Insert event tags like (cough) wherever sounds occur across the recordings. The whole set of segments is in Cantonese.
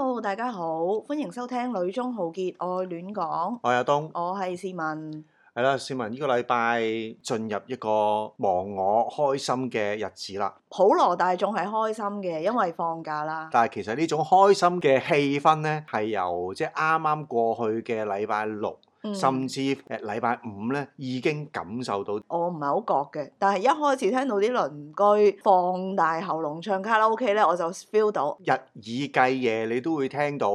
Hello，大家好，歡迎收聽《女中豪傑愛亂講》，我係阿東，我係市民，係啦，市民呢個禮拜進入一個忘我開心嘅日子啦。普羅大眾係開心嘅，因為放假啦。但係其實呢種開心嘅氣氛咧，係由即係啱啱過去嘅禮拜六。嗯、甚至誒禮拜五咧已經感受到，我唔係好覺嘅，但係一開始聽到啲鄰居放大喉嚨唱卡拉 OK 咧，我就 feel 到，日以繼夜你都會聽到。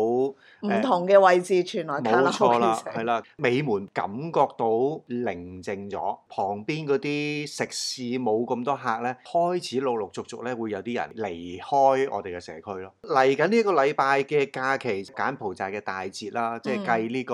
唔同嘅位置傳誒來，卡拉冇錯啦，係啦，了美門感覺到寧靜咗，旁邊嗰啲食肆冇咁多客咧，開始陸陸續續咧會有啲人離開我哋嘅社區咯。嚟緊呢個禮拜嘅假期，柬埔寨嘅大節啦，即係計呢個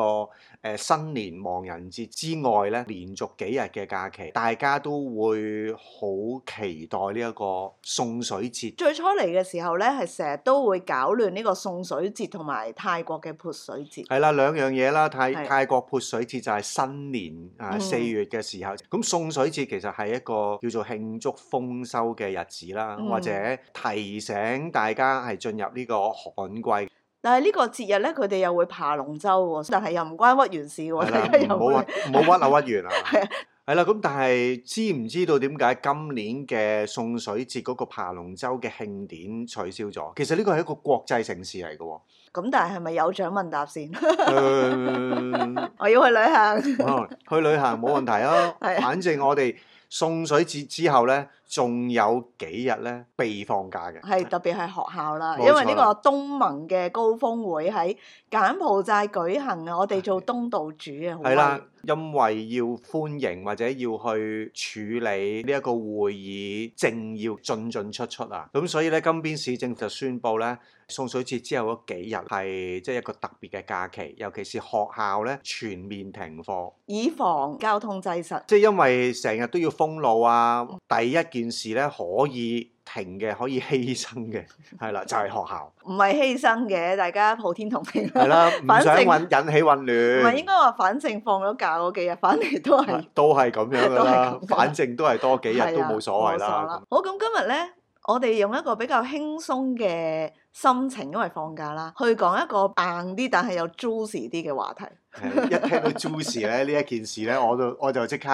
誒新年亡人節之外咧，連續幾日嘅假期，大家都會好期待呢一個送水節，嗯、最初嚟嘅時候咧，係成日都會搞亂呢個送水節同埋泰國嘅潑水節係啦，兩樣嘢啦泰的泰國潑水節就係新年啊四月嘅時候，咁送、嗯、水節其實係一個叫做慶祝豐收嘅日子啦，嗯、或者提醒大家係進入呢個旱季。但係呢個節日咧，佢哋又會爬龍舟喎，但係又唔關屈原事喎，唔好的 (laughs) 又會屈啊屈，屈原啊。 (laughs) 係啦，咁但係知唔知道點解今年嘅送水節嗰個爬龍舟嘅慶典取消咗？其實呢個係一個國際城市嚟嘅喎。咁但係係咪有獎問答先？嗯、 (laughs) 我要去旅行。嗯、去旅行冇問題啊， (laughs) 的反正我哋送水節之後咧。仲有幾日咧？被放假嘅係特別係學校啦，因為呢個東盟嘅高峰會喺柬埔寨舉行啊，我哋做東道主啊，係啦，因為要歡迎或者要去處理呢一個會議，正要進進出出啊，咁所以咧，金邊市政府就宣布咧，送水節之後嗰幾日係即係一個特別嘅假期，尤其是學校咧全面停課，以防交通擠塞，即係因為成日都要封路啊，第一件。件事咧可以停嘅，可以犧牲嘅，係啦，就係、是、學校唔係犧牲嘅，大家普天同慶。係啦， (laughs) 唔想引起混亂。唔係應該話反正放咗假嗰幾日，反嚟都係 (laughs) 都係咁樣啦。都係咁反正都係多幾日 (laughs) 的都冇所謂啦。 (laughs) 謂啦好咁，今日咧，我哋用一個比較輕鬆嘅心情，因為放假啦，去講一個硬啲但係有 juicy 啲嘅話題。士 ane 一聽到 Jews 咧呢一件事咧、okay，我就我就即刻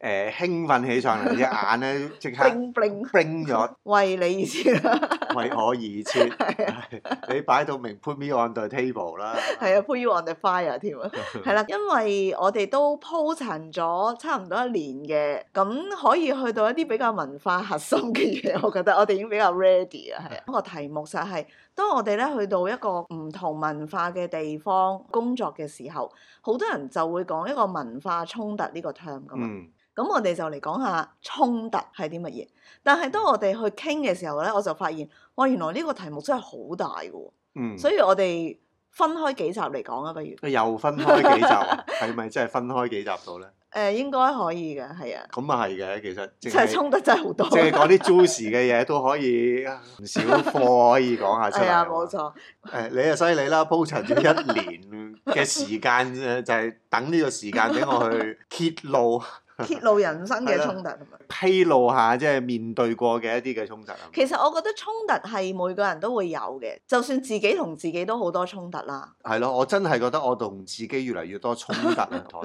誒興奮起上嚟，隻眼咧即刻冰冰冰咗。為你而設，為我而設。你擺到明，Put me on the table 啦。係話啊，Put、啊啊哦、you on the fire 添 ram 啊。係啦，因為我哋都鋪陳咗差唔多一年嘅，咁可以去到一啲比較文化核心嘅嘢，我覺得我哋已經比較 ready 啊。係、嗯、啊， (laughs) 個題目實係。當我哋咧去到一個唔同文化嘅地方工作嘅時候，好多人就會講一個文化衝突呢個 term 噶嘛。咁、嗯、我哋就嚟講下衝突係啲乜嘢。但係當我哋去傾嘅時候咧，我就發現，哇原來呢個題目真係好大嘅、哦。嗯、所以我哋。分開幾集嚟講啊，不如？又分開幾集，啊，係咪真係分開幾集到咧？誒、呃，應該可以嘅，係啊。咁啊，係嘅，其實即係沖得真係好多。即係講啲 Juice 嘅嘢都可以唔 (laughs) 少貨，可以講下先。嚟、 (laughs) 嗯。係、嗯、啊，冇、嗯、錯。誒、嗯嗯嗯，你啊犀利啦，鋪陳咗一年嘅時間 (laughs) 就係等呢個時間俾我去揭露。揭露人生嘅的、就是、衝突，披露下即係面對過嘅一啲嘅衝突。其實我覺得衝突係每個人都會有嘅，就算自己同自己都好多衝突啦。係咯，我真係覺得我同自己越嚟越多衝突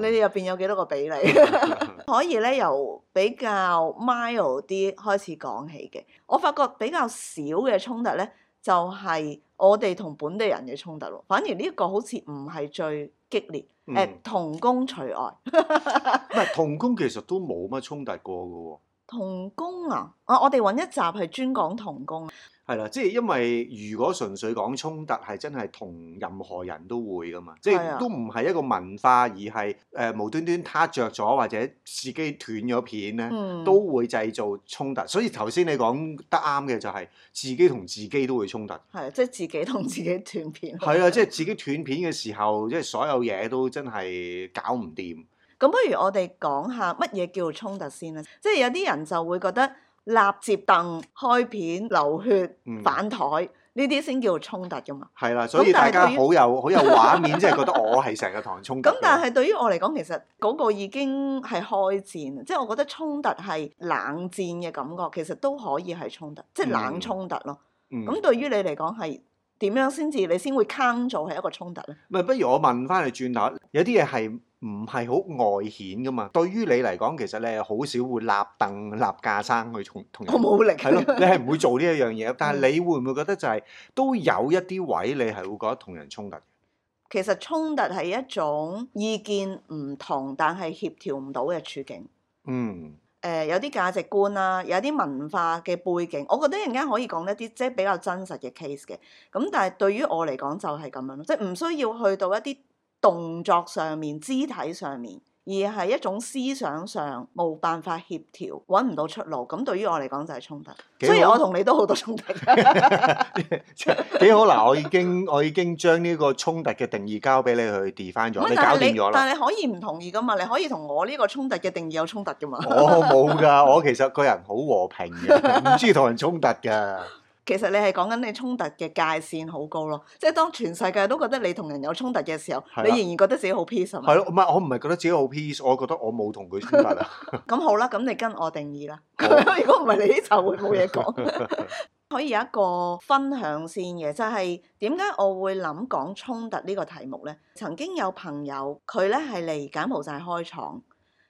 (laughs) 你哋入邊有幾多個比例？ (laughs) (laughs) 可以咧由比較 mild 啲開始講起嘅。我發覺比較少嘅衝突咧，就係、是、我哋同本地人嘅衝突咯。反而呢一個好似唔係最。激烈，誒、嗯、同工除外，唔係同工其實都冇乜衝突過㗎喎。同工啊，我我哋揾一集係專講同工。係啦，即係因為如果純粹講衝突，係真係同任何人都會噶嘛，的即係都唔係一個文化，而係誒、呃、無端端撻着咗或者自己斷咗片咧，嗯、都會製造衝突。所以頭先你講得啱嘅就係、是、自己同自己都會衝突。係，即係自己同自己斷片。係啊， (laughs) 即係自己斷片嘅時候，即係所有嘢都真係搞唔掂。咁不如我哋講下乜嘢叫做衝突先啦。即、就、係、是、有啲人就會覺得。立接凳、開片、流血、反台，呢啲先叫做衝突㗎嘛。係啦、啊，所以大家有好有好有畫面，即係 (laughs) 覺得我係成個堂衝突。咁但係對於我嚟講，其實嗰個已經係開戰，即、就、係、是、我覺得衝突係冷戰嘅感覺，其實都可以係衝突，即、就、係、是、冷衝突咯。咁、嗯、對於你嚟講係。點樣先至你先會坑做係一個衝突咧？唔係，不如我問翻你轉下，有啲嘢係唔係好外顯㗎嘛？對於你嚟講，其實你係好少會立凳立架生去同同人，我冇力係咯，你係唔會做呢一樣嘢。 (laughs) 但係你會唔會覺得就係、是、都有一啲位你係會覺得同人衝突？其實衝突係一種意見唔同，但係協調唔到嘅處境。嗯。誒、呃、有啲價值觀啦、啊，有啲文化嘅背景，我覺得陣間可以講一啲即係比較真實嘅 case 嘅。咁但係對於我嚟講就係咁樣，即係唔需要去到一啲動作上面、肢體上面。而係一種思想上冇辦法協調，揾唔到出路，咁對於我嚟講就係衝突。雖然好我同你都好多衝突，幾好嗱！我已經我已經將呢個衝突嘅定義交俾你去 define 翻咗，不你搞掂咗啦。但係你可以唔同意噶嘛？你可以同我呢個衝突嘅定義有衝突噶嘛？ (laughs) 我冇噶，我其實個人好和平嘅，唔中意同人衝突噶。其實你係講緊你衝突嘅界線好高咯，即係當全世界都覺得你同人有衝突嘅時候，的你仍然覺得自己好 peace 啊？係咯，唔係我唔係覺得自己好 peace，我覺得我冇同佢衝突啊。咁 (laughs) (laughs) 好啦，咁你跟我定義啦。 (laughs) (laughs) 如果唔係，你呢集會冇嘢講。 (laughs) (laughs) 可以有一個分享先嘅，就係點解我會諗講衝突呢個題目呢？曾經有朋友佢呢係嚟柬埔寨開廠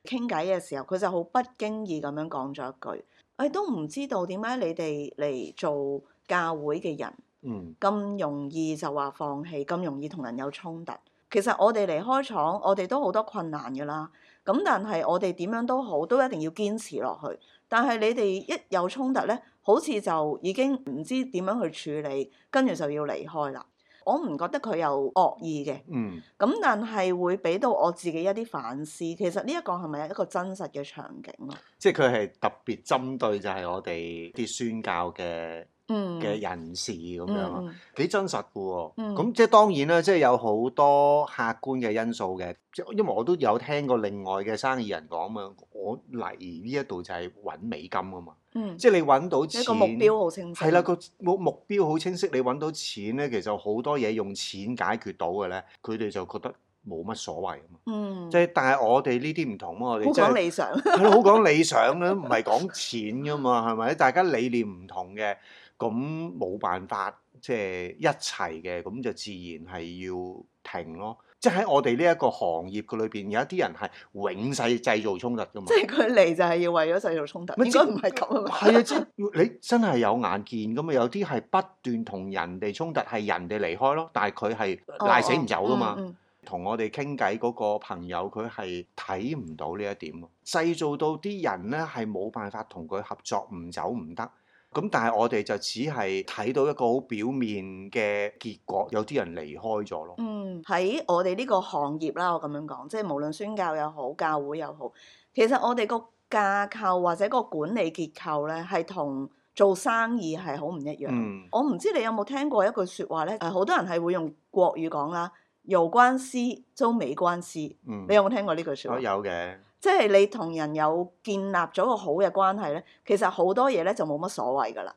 傾偈嘅時候，佢就好不經意咁樣講咗一句，誒、哎、都唔知道點解你哋嚟做。教會嘅人，嗯，咁容易就話放棄，咁容易同人有衝突。其實我哋離開廠，我哋都好多困難㗎啦。咁但係我哋點樣都好，都一定要堅持落去。但係你哋一有衝突咧，好似就已經唔知點樣去處理，跟住就要離開啦。我唔覺得佢有惡意嘅，嗯，咁但係會俾到我自己一啲反思。其實呢一個係咪一個真實嘅場景啊？即係佢係特別針對就係我哋啲宣教嘅，嘅、嗯、人士咁樣，幾、嗯、真實嘅喎。咁、嗯、即係當然啦，即係有好多客觀嘅因素嘅。即因為我都有聽過另外嘅生意人講嘛，我嚟呢一度就係揾美金啊嘛。即係你揾到錢，個目標好清晰。係啦，個目目標好清晰。你揾到錢咧，其實好多嘢用錢解決到嘅咧，佢哋就覺得冇乜所謂啊、嗯、嘛。即係但係我哋呢啲唔同啊，我哋講理想。好 (laughs) 講理想啦，唔係講錢噶嘛，係咪？大家理念唔同嘅。咁冇辦法，即係一齊嘅，咁就自然係要停咯。即喺我哋呢一個行業嘅裏邊，有一啲人係永世製造衝突㗎嘛。即係佢嚟就係要為咗製造衝突，唔係，應該唔係咁啊？係啊，真你真係有眼見㗎嘛。有啲係不斷同人哋衝突，係人哋離開咯，但係佢係賴死唔走噶嘛。同、哦嗯嗯、我哋傾偈嗰個朋友，佢係睇唔到呢一點，製造到啲人呢，係冇辦法同佢合作，唔走唔得。咁但係我哋就只係睇到一個好表面嘅結果，有啲人離開咗咯。嗯，喺我哋呢個行業啦，我咁樣講，即係無論宣教又好，教會又好，其實我哋個架構或者個管理結構咧，係同做生意係好唔一樣。嗯，我唔知你有冇聽過一句説話咧？誒，好多人係會用國語講啦，有關係，就沒關係。嗯，你有冇聽過呢句説話？我有嘅。即係你同人有建立咗個好嘅關係咧，其實好多嘢咧就冇乜所謂㗎喇。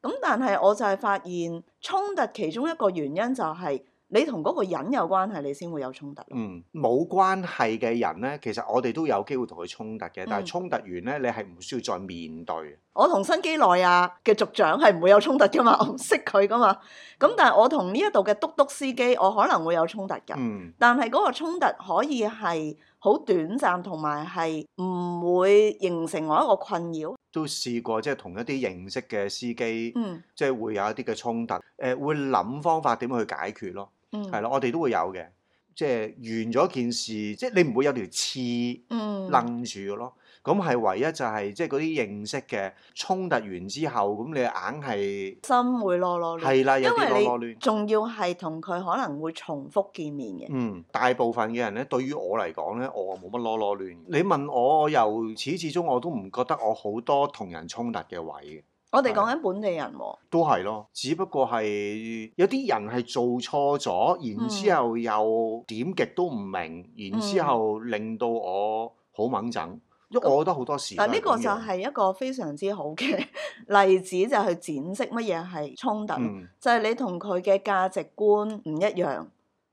咁但係我就係發現衝突其中一個原因就係、是。你同嗰個人有關係，你先會有衝突。嗯，冇關係嘅人呢，其實我哋都有機會同佢衝突嘅。嗯、但係衝突完呢，你係唔需要再面對。我同新畿內亞嘅族長係唔會有衝突㗎嘛，我唔識佢㗎嘛。咁但係我同呢一度嘅嘟嘟司機，我可能會有衝突嘅。嗯、但係嗰個衝突可以係好短暫，同埋係唔會形成我一個困擾。都試過即係、就是、同一啲認識嘅司機，即係、嗯、會有一啲嘅衝突。誒、呃，會諗方法點去解決咯。嗯，係咯，我哋都會有嘅，即係完咗件事，即係你唔會有條刺楞住嘅咯。咁係、嗯、唯一就係、是、即係嗰啲認識嘅衝突完之後，咁你硬係心會囉囉亂，係啦，有啲囉囉亂。因為你仲要係同佢可能會重複見面嘅。嗯，大部分嘅人咧，對於我嚟講咧，我冇乜囉囉亂。你問我，我由始至終我都唔覺得我好多同人衝突嘅位嘅。我哋講緊本地人喎、哦，都係咯，只不過係有啲人係做錯咗，然之後又點極都唔明，嗯、然之後令到我好掹憎，因為、嗯、我覺得好多時。但呢個就係一個非常之好嘅例子，就係、去、展示乜嘢係衝突，嗯、就係你同佢嘅價值觀唔一樣，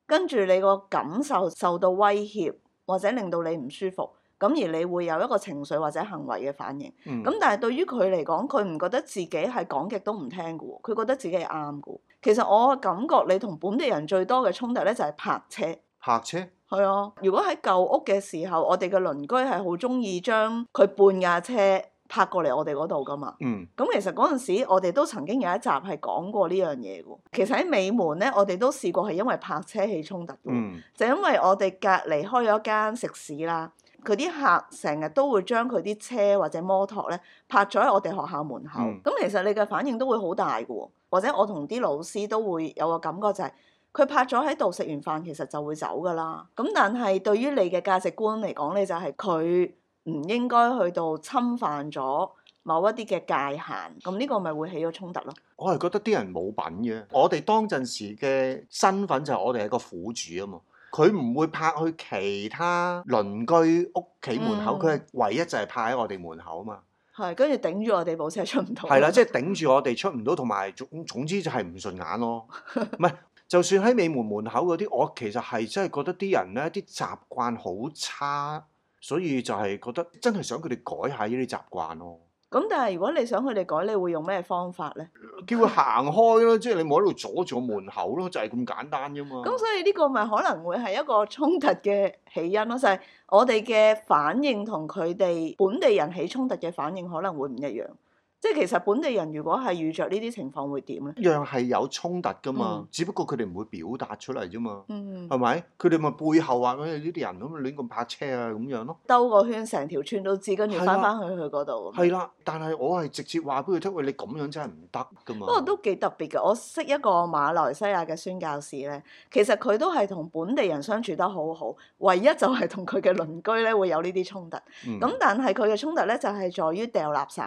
跟住你個感受受到威脅，或者令到你唔舒服。咁而你會有一個情緒或者行為嘅反應。咁、嗯、但係對於佢嚟講，佢唔覺得自己係講極都唔聽嘅喎，佢覺得自己係啱嘅。其實我感覺，你同本地人最多嘅衝突咧就係、是、泊車。泊車？係啊，如果喺舊屋嘅時候，我哋嘅鄰居係好中意將佢半架車泊過嚟我哋嗰度嘅嘛。咁、嗯嗯、其實嗰陣時，我哋都曾經有一集係講過呢樣嘢嘅喎。其實喺美門咧，我哋都試過係因為泊車起衝突嘅。嗯、就因為我哋隔離開咗間食肆啦。佢啲客成日都會將佢啲車或者摩托咧拍咗喺我哋學校門口，咁、嗯、其實你嘅反應都會好大嘅喎，或者我同啲老師都會有個感覺就係佢拍咗喺度食完飯，其實就會走噶啦。咁但係對於你嘅價值觀嚟講，你就係佢唔應該去到侵犯咗某一啲嘅界限，咁呢個咪會起咗衝突咯。我係覺得啲人冇品嘅，我哋當陣時嘅身份就係我哋係個苦主啊嘛。佢唔會泊去其他鄰居屋企門口，佢係、嗯、唯一就係泊喺我哋門口啊嘛。係，跟住頂住我哋部車出唔到。係啦，即係頂住我哋出唔到，同埋總總之就係唔順眼咯。唔係， (laughs) 就算喺尾門門口嗰啲，我其實係真係覺得啲人咧啲習慣好差，所以就係覺得真係想佢哋改下呢啲習慣咯。咁但係如果你想佢哋改，你會用咩方法咧？叫佢行開咯，即係你冇喺度阻住個門口咯，就係咁簡單啫嘛。咁所以呢個咪可能會係一個衝突嘅起因咯，就係我哋嘅反應同佢哋本地人起衝突嘅反應可能會唔一樣。即係其實本地人如果係遇着呢啲情況會點咧？一樣係有衝突噶嘛，只不過佢哋唔會表達出嚟啫嘛，係咪？佢哋咪背後話：呢啲人咁亂咁泊車啊，咁樣咯，兜個圈，成條村都知，跟住翻返去佢嗰度。係啦，但係我係直接話俾佢聽：喂，你咁樣真係唔得噶嘛？不過都幾特別嘅，我識一個馬來西亞嘅宣教士咧，其實佢都係同本地人相處得好好，唯一就係同佢嘅鄰居咧會有呢啲衝突。咁但係佢嘅衝突咧就係在於掉垃圾。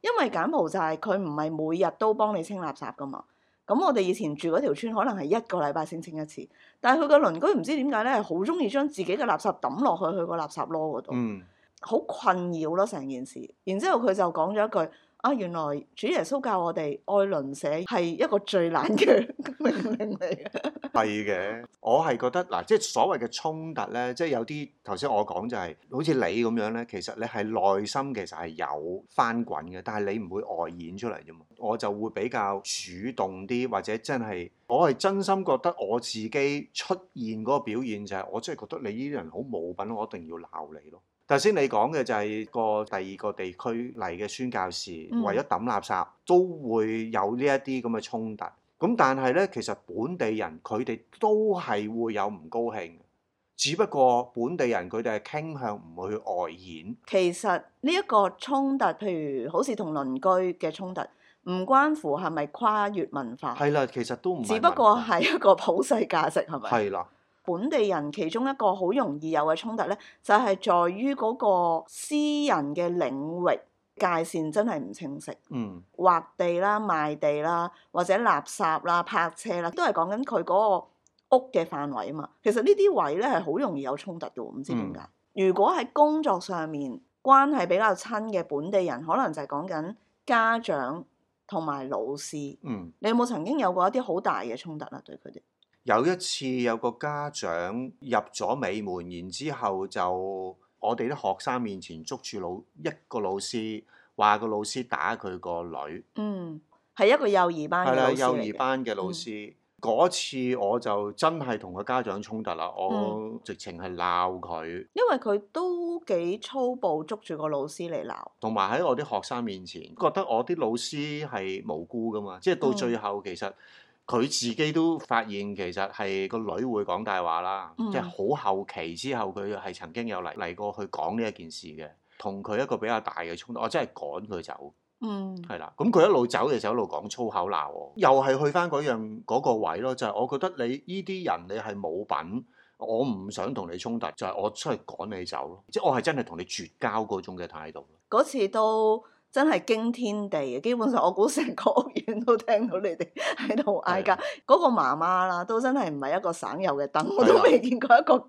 因為柬埔寨佢唔係每日都幫你清垃圾㗎嘛，咁我哋以前住嗰條村可能係一個禮拜先清一次，但係佢個鄰居唔知點解咧，係好鍾意將自己嘅垃圾抌落去佢個垃圾攞嗰度，好、嗯、困擾咯成件事。然之後佢就講咗一句。啊，原來主耶穌教我哋愛鄰舍係一個最難嘅命令嚟嘅。係嘅，我係覺得嗱，即係所謂嘅衝突咧，即係有啲頭先我講就係、是、好似你咁樣咧，其實你係內心其實係有翻滾嘅，但係你唔會外演出嚟啫嘛。我就會比較主動啲，或者真係我係真心覺得我自己出現嗰個表現就係、是、我真係覺得你呢啲人好冇品，我一定要鬧你咯。頭先你講嘅就係個第二個地區嚟嘅宣教士為咗抌垃圾都會有呢一啲咁嘅衝突，咁但係咧其實本地人佢哋都係會有唔高興，只不過本地人佢哋係傾向唔會去外顯。其實呢一個衝突，譬如好似同鄰居嘅衝突，唔關乎係咪跨越文化，係啦，其實都唔，只不過係一個普世價值，係咪？係啦。本地人其中一個好容易有嘅衝突咧，就係、是、在於嗰個私人嘅領域界線真係唔清晰，劃、嗯、地啦、賣地啦，或者垃圾啦、泊車啦，車啦都係講緊佢嗰個屋嘅範圍啊嘛。其實呢啲位咧係好容易有衝突嘅，唔知點解。嗯、如果喺工作上面關係比較親嘅本地人，可能就係講緊家長同埋老師。嗯，你有冇曾經有過一啲好大嘅衝突啦？對佢哋？有一次有個家長入咗尾門，然之後就我哋啲學生面前捉住老一個老師，話個老師打佢個女。嗯，係一個幼兒班嘅老師。係啦的，幼兒班嘅老師嗰、嗯、次我就真係同個家長衝突啦，我直情係鬧佢，因為佢都幾粗暴，捉住個老師嚟鬧，同埋喺我啲學生面前覺得我啲老師係無辜㗎嘛，即、就、係、是、到最後其實。嗯佢自己都發現其實係個女會講大話啦，即係好後期之後，佢係曾經有嚟嚟過去講呢一件事嘅，同佢一個比較大嘅衝突，我真係趕佢走，係啦、嗯，咁佢、嗯、一路走嘅時候一路講粗口鬧我，又係去翻嗰樣嗰、嗰個位咯，就係、係、我覺得你呢啲人你係冇品，我唔想同你衝突，就係、係、我出去趕你走咯，即係我係真係同你絕交嗰種嘅態度。嗰次到。真係驚天地嘅，基本上我估成個屋苑都聽到你哋喺度嗌㗎。嗰的個媽媽啦，都真係唔係一個省油嘅燈，的我都未見過一個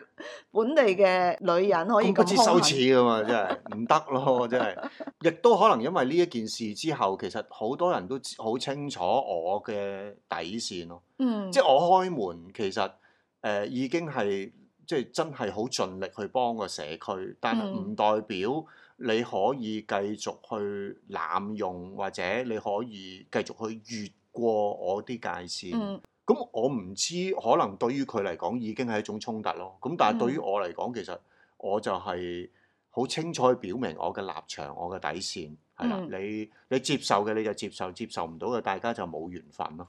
本地嘅女人可以的。咁唔知羞恥㗎嘛，真係唔得咯，真係。亦都可能因為呢一件事之後，其實好多人都好清楚我嘅底線咯。嗯。即係我開門，其實誒、呃、已經係即係真係好盡力去幫個社區，但係唔代表。嗯你可以繼續去濫用，或者你可以繼續去越過我啲界線。咁、嗯、我唔知，可能對於佢嚟講已經係一種衝突咯。咁但係對於我嚟講，其實我就係好清楚去表明我嘅立場、我嘅底線係啦。你你接受嘅你就接受，接受唔到嘅大家就冇緣分咯。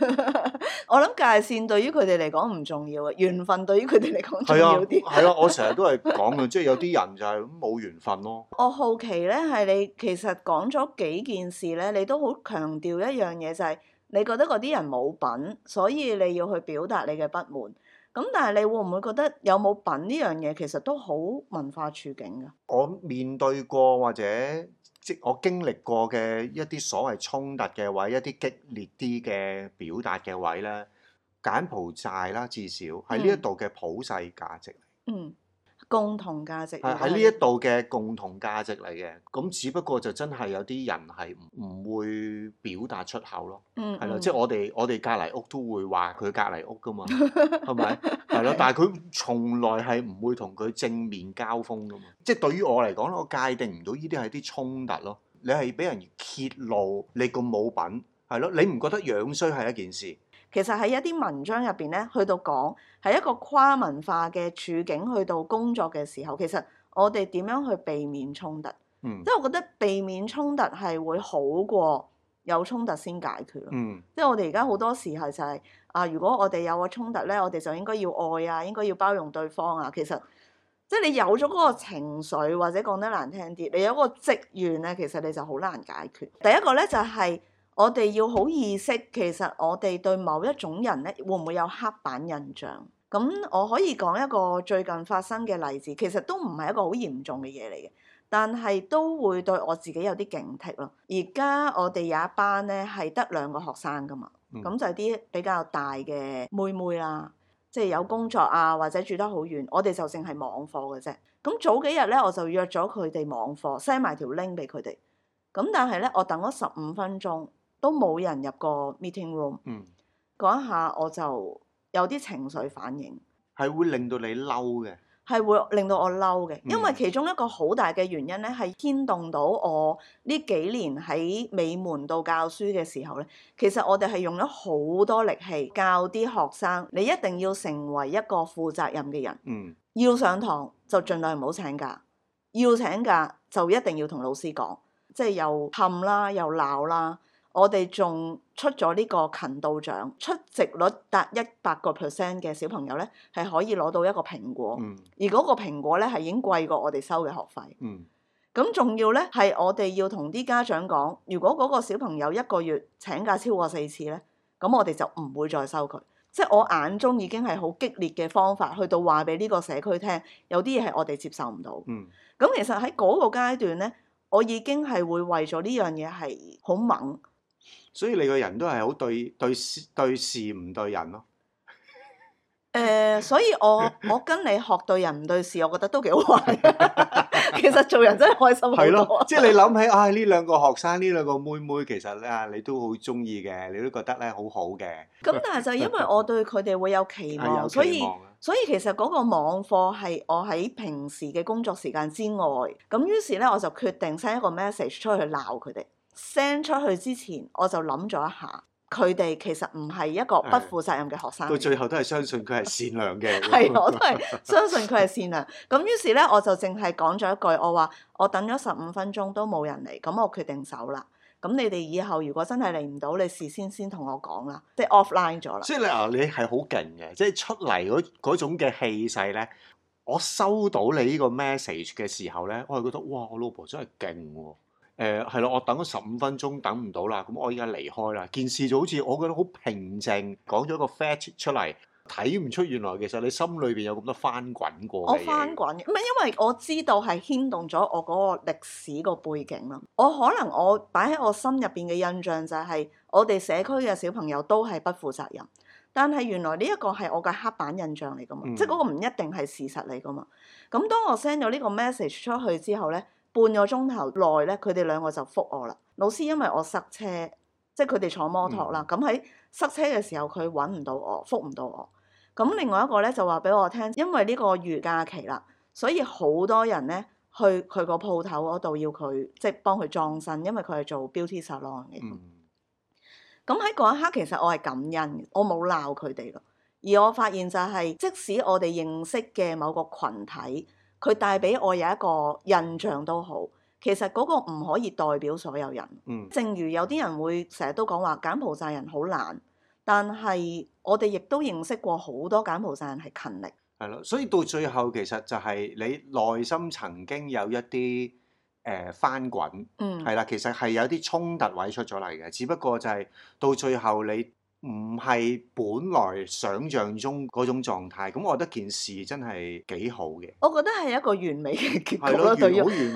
嗯 (laughs) 我諗界線對於佢哋嚟講唔重要啊，緣分對於佢哋嚟講重要啲。係啊，係啊，我成日都係講嘅，即係 (laughs) 有啲人就係噉冇緣分咯。我好奇咧，係你其實講咗幾件事咧，你都好強調一樣嘢就係、是、你覺得嗰啲人冇品，所以你要去表達你嘅不滿。咁但係你會唔會覺得有冇品呢樣嘢其實都好文化處境啊？我面對過或者。即我經歷過嘅一啲所謂衝突嘅位，一啲激烈啲嘅表達嘅位咧，柬埔寨啦，至少係呢一度嘅普世價值。嗯。嗯共同價值係喺呢一度嘅共同價值嚟嘅，咁只不過就真係有啲人係唔會表達出口咯，係咯、嗯嗯，即係我哋我哋隔籬屋都會話佢隔籬屋噶嘛，係咪？係咯，但係佢從來係唔會同佢正面交鋒㗎嘛。即係對於我嚟講，我界定唔到呢啲係啲衝突咯。你係俾人揭露你個冇品係咯，你唔覺得樣衰係一件事？其實喺一啲文章入邊咧，去到講係一個跨文化嘅處境，去到工作嘅時候，其實我哋點樣去避免衝突？嗯，即係我覺得避免衝突係會好過有衝突先解決。嗯，即係我哋而家好多時候就係啊，如果我哋有個衝突咧，我哋就應該要愛啊，應該要包容對方啊。其實即係你有咗嗰個情緒或者講得難聽啲，你有個積怨咧，其實你就好難解決。第一個咧就係。我哋要好意識，其實我哋對某一種人咧，會唔會有刻板印象？咁我可以講一個最近發生嘅例子，其實都唔係一個好嚴重嘅嘢嚟嘅，但係都會對我自己有啲警惕咯。而家我哋有一班咧係得兩個學生㗎嘛，咁就係啲比較大嘅妹妹啦，即係有工作啊，或者住得好遠，我哋就剩係網課嘅啫。咁早幾日咧，我就約咗佢哋網課，send 埋條 link 俾佢哋。咁但係咧，我等咗十五分鐘。都冇人入過 meeting room，嗰、嗯、一下我就有啲情緒反應，係會令到你嬲嘅，係會令到我嬲嘅，嗯、因為其中一個好大嘅原因咧，係牽動到我呢幾年喺美門度教書嘅時候咧。其實我哋係用咗好多力氣教啲學生，你一定要成為一個負責任嘅人。嗯，要上堂就儘量唔好請假，要請假就一定要同老師講，即係又氹啦，又鬧啦。我哋仲出咗呢個勤到獎，出席率達一百個 percent 嘅小朋友咧，係可以攞到一個蘋果。而嗰個蘋果咧係已經貴過我哋收嘅學費。咁仲、嗯、要咧係我哋要同啲家長講，如果嗰個小朋友一個月請假超過四次咧，咁我哋就唔會再收佢。即係我眼中已經係好激烈嘅方法，去到話俾呢個社區聽，有啲嘢係我哋接受唔到。咁、嗯、其實喺嗰個階段咧，我已經係會為咗呢樣嘢係好猛。所以你個人都係好對、對、對、對事對事唔對人咯。誒、呃，所以我我跟你學對人唔對事，我覺得都幾好玩。 (laughs) 其實做人真係開心好多。係咯，即係、就是、你諗起啊呢兩個學生，呢兩個妹妹，其實咧、啊、你都好中意嘅，你都覺得咧好好嘅。咁但係就因為我對佢哋會有期望， (laughs) 所以所以，所以其實嗰個網課係我喺平時嘅工作時間之外，咁於是咧我就決定 send 一個 message 出去鬧佢哋。send 出去之前我就諗咗一下，佢哋其實唔係一個不負責任嘅學生。佢最後都係相信佢係善良嘅，係 (laughs) 的 (laughs) 我都係相信佢係善良。咁於是咧，我就淨係講咗一句，我話我等咗十五分鐘都冇人嚟，咁我決定走啦。咁你哋以後如果真係嚟唔到，你事先先同我講啦，即係 offline 咗啦。即係你啊，你係好勁嘅，即係出嚟嗰種嘅氣勢咧。我收到你呢個 message 嘅時候咧，我係覺得哇，我老婆真係勁喎。誒係咯，我等咗十五分鐘，等唔到啦，咁我依家離開啦。件事就好似我覺得好平靜，講咗個 fetch 出嚟，睇唔出原來其實你心裏邊有咁多翻滾過嘅嘢。我翻滾，唔係因為我知道係牽動咗我嗰個歷史個背景咯。我可能我擺喺我心入邊嘅印象就係、是、我哋社區嘅小朋友都係不負責任，但係原來呢一個係我嘅黑板印象嚟噶嘛，嗯、即係嗰個唔一定係事實嚟噶嘛。咁當我 send 咗呢個 message 出去之後咧，半個鐘頭內咧，佢哋兩個就覆我啦。老師因為我塞車，即係佢哋坐摩托啦。咁喺、嗯、塞車嘅時候，佢揾唔到我，覆唔到我。咁另外一個咧就話俾我聽，因為呢個預假期啦，所以好多人咧去佢個鋪頭嗰度要佢即係幫佢裝身，因為佢係做 beauty salon 嘅。咁喺嗰一刻，其實我係感恩嘅，我冇鬧佢哋咯。而我發現就係、是，即使我哋認識嘅某個群體。佢帶俾我有一個印象都好，其實嗰個唔可以代表所有人。嗯，正如有啲人會成日都講話柬埔寨人好懶，但係我哋亦都認識過好多柬埔寨人係勤力。係咯，所以到最後其實就係你內心曾經有一啲誒、呃、翻滾，嗯，係啦，其實係有啲衝突位出咗嚟嘅，只不過就係到最後你。唔係本來想像中嗰種狀態，咁我覺得件事真係幾好嘅。我覺得係一個完美嘅結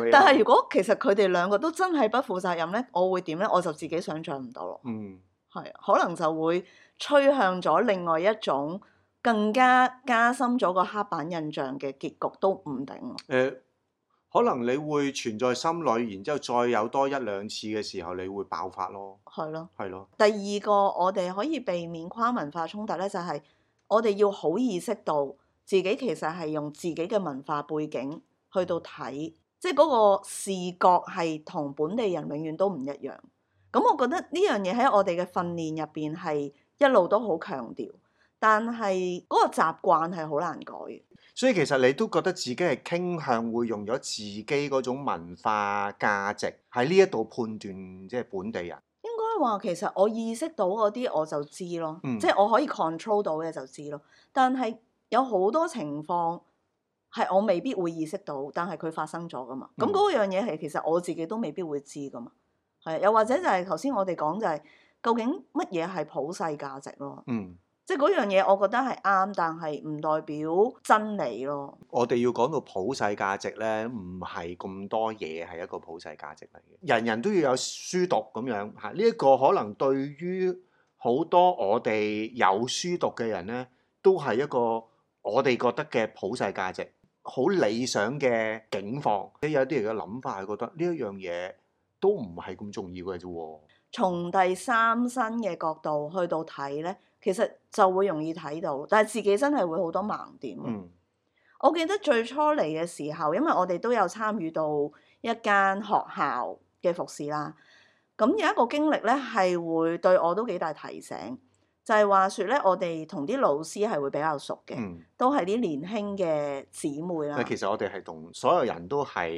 局。但係如果其實佢哋兩個都真係不負責任呢，我會點呢？我就自己想像唔到咯。嗯，係，可能就會趨向咗另外一種更加加深咗個黑板印象嘅結局都唔定。誒、呃。可能你會存在心裏，然之後再有多一兩次嘅時候，你會爆發咯。係咯的，係咯的。第二個我哋可以避免跨文化衝突咧，就係我哋要好意識到自己其實係用自己嘅文化背景去到睇，即係嗰個視覺係同本地人永遠都唔一樣。咁我覺得呢樣嘢喺我哋嘅訓練入邊係一路都好強調，但係嗰個習慣係好難改嘅。所以其實你都覺得自己係傾向會用咗自己嗰種文化價值喺呢一度判斷，即係本地人。應該話其實我意識到嗰啲我就知咯，嗯，即係我可以 control 到嘅就知咯。但係有好多情況係我未必會意識到，但係佢發生咗噶嘛。咁嗰樣嘢係，嗯，其實我自己都未必會知噶嘛。係又或者就係頭先我哋講就係究竟乜嘢係普世價值咯。嗯。即係嗰樣嘢，我覺得係啱，但係唔代表真理咯，哦。我哋要講到普世價值咧，唔係咁多嘢係一個普世價值嚟嘅。人人都要有書讀咁樣嚇，呢、啊、一、這個可能對於好多我哋有書讀嘅人咧，都係一個我哋覺得嘅普世價值，好理想嘅境況。即有啲人嘅諗法係覺得呢一樣嘢都唔係咁重要嘅啫。從第三身嘅角度去到睇咧。其實就會容易睇到，但係自己真係會好多盲點。嗯。我記得最初嚟嘅時候，因為我哋都有參與到一間學校嘅服侍啦，咁有一個經歷咧，係會對我都幾大提醒。就係話說咧，我哋同啲老師係會比較熟嘅，嗯、都係啲年輕嘅姊妹啦。其實我哋係同所有人都係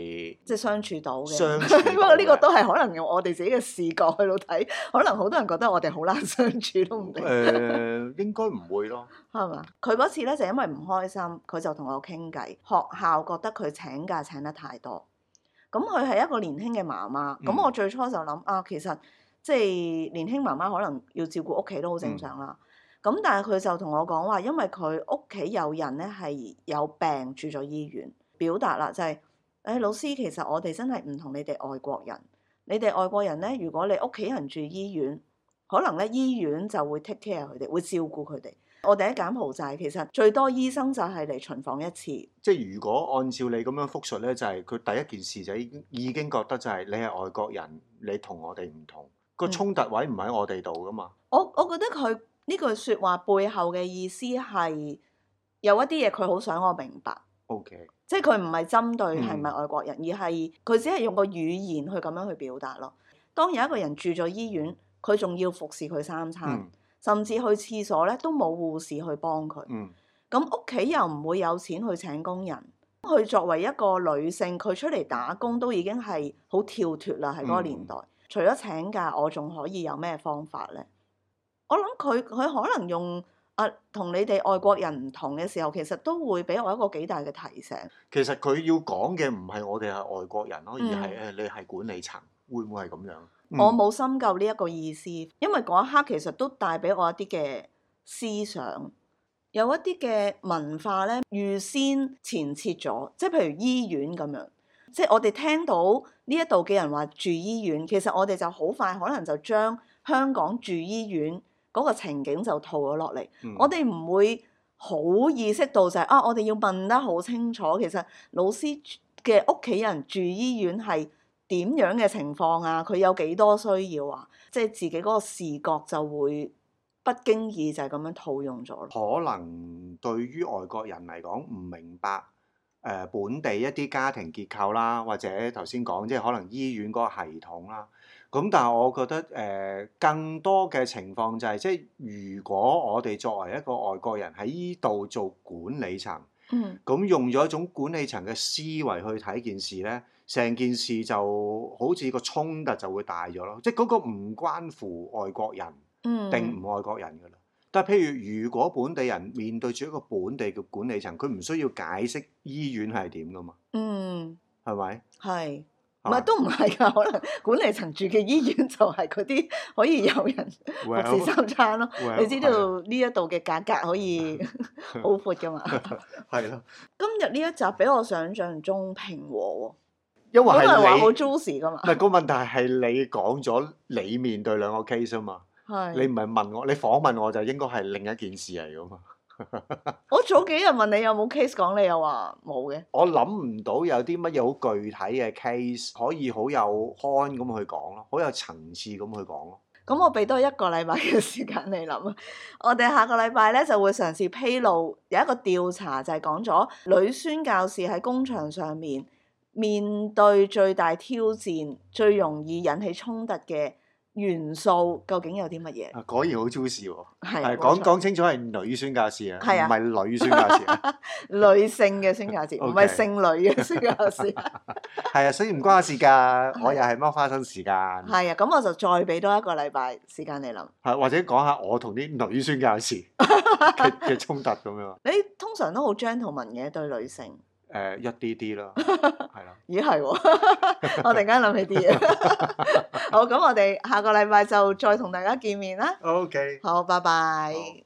即係相處到嘅。相到 (laughs) 不過呢個都係可能用我哋自己嘅視角去到睇，可能好多人覺得我哋好難相處都唔定誒，應該唔會咯。係嘛？ (laughs) 佢嗰次咧就是、因為唔開心，佢就同我傾偈。學校覺得佢請假請得太多，咁佢係一個年輕嘅媽媽。咁我最初就諗、嗯、啊，其實。即係年輕媽媽可能要照顧屋企都好正常啦。咁、嗯、但係佢就同我講話，因為佢屋企有人咧係有病住咗醫院，表達啦就係、是，誒、哎、老師其實我哋真係唔同你哋外國人。你哋外國人咧，如果你屋企人住醫院，可能咧醫院就會 take care 佢哋，會照顧佢哋。我哋喺柬埔寨其實最多醫生就係嚟巡房一次。即係如果按照你咁樣複述咧，就係、是、佢第一件事就已經已經覺得就係你係外國人，你同我哋唔同。個衝突位唔喺我哋度㗎嘛？我、嗯、我覺得佢呢句説話背後嘅意思係有一啲嘢佢好想我明白。OK，即係佢唔係針對係咪外國人，嗯、而係佢只係用個語言去咁樣去表達咯。當有一個人住咗醫院，佢仲要服侍佢三餐，嗯、甚至去廁所咧都冇護士去幫佢。咁屋企又唔會有錢去請工人。佢作為一個女性，佢出嚟打工都已經係好跳脱啦，喺嗰個年代。嗯除咗請假，我仲可以有咩方法呢？我諗佢佢可能用啊，同你哋外國人唔同嘅時候，其實都會俾我一個幾大嘅提醒。其實佢要講嘅唔係我哋係外國人咯，而係誒你係管理層，嗯，會唔會係咁樣？我冇深究呢一個意思，因為嗰一刻其實都帶俾我一啲嘅思想，有一啲嘅文化呢，預先前設咗，即係譬如醫院咁樣。即係我哋聽到呢一度嘅人話住醫院，其實我哋就好快可能就將香港住醫院嗰個情景就套咗落嚟。嗯、我哋唔會好意識到就係、是、啊，我哋要問得好清楚。其實老師嘅屋企人住醫院係點樣嘅情況啊？佢有幾多需要啊？即係自己嗰個視覺就會不經意就係咁樣套用咗。可能對於外國人嚟講唔明白。誒、呃、本地一啲家庭結構啦，或者頭先講，即係可能醫院嗰個系統啦。咁但係我覺得誒、呃，更多嘅情況就係、是，即係如果我哋作為一個外國人喺依度做管理層，嗯，咁用咗一種管理層嘅思維去睇件事咧，成件事就好似個衝突就會大咗咯。即係嗰個唔關乎外國人，嗯，定唔外國人㗎喇。即係譬如，如果本地人面對住一個本地嘅管理層，佢唔需要解釋醫院係點噶嘛。嗯，係咪？係，唔係都唔係噶，可能管理層住嘅醫院就係嗰啲可以有人六時三餐咯。你知道呢一度嘅價格可以好闊噶嘛？係咯。今日呢一集比我想象中平和喎，因為你話好 juicy 噶嘛。但個問題係你講咗你面對兩個 case 啊嘛。是你唔係問我，你訪問我就應該係另一件事嚟㗎嘛？ (laughs) 我早幾日問你有冇 case 講，你又話冇嘅。我諗唔到有啲乜嘢好具體嘅 case 可以好有 con 咁去講咯，好有層次咁去講咯。咁我俾多一個禮拜嘅時間你諗啊！ (laughs) 我哋下個禮拜咧就會嘗試披露有一個調查，就係講咗女宣教士喺工場上面面對最大挑戰、最容易引起衝突嘅元素究竟有啲乜嘢？果然好超視喎，啊，係講講清楚係女宣教士。啊，唔係女宣教士 (laughs) 女性嘅宣教士，唔係性女嘅宣教士。係 (laughs) (laughs) 啊，所以唔關我事㗎，我又係剝花生時間。係啊，咁、嗯、我就再俾多一個禮拜時間你諗。係、啊、或者講下我同啲女宣教士嘅嘅衝突咁樣。 (laughs) 你通常都好 gentleman 嘅對女性。誒、呃、一啲啲啦，係啦 (laughs) 的，咦係喎，我突然間諗起啲嘢， (laughs) (laughs) 好，咁我哋下個禮拜就再同大家見面啦。OK，好，拜拜。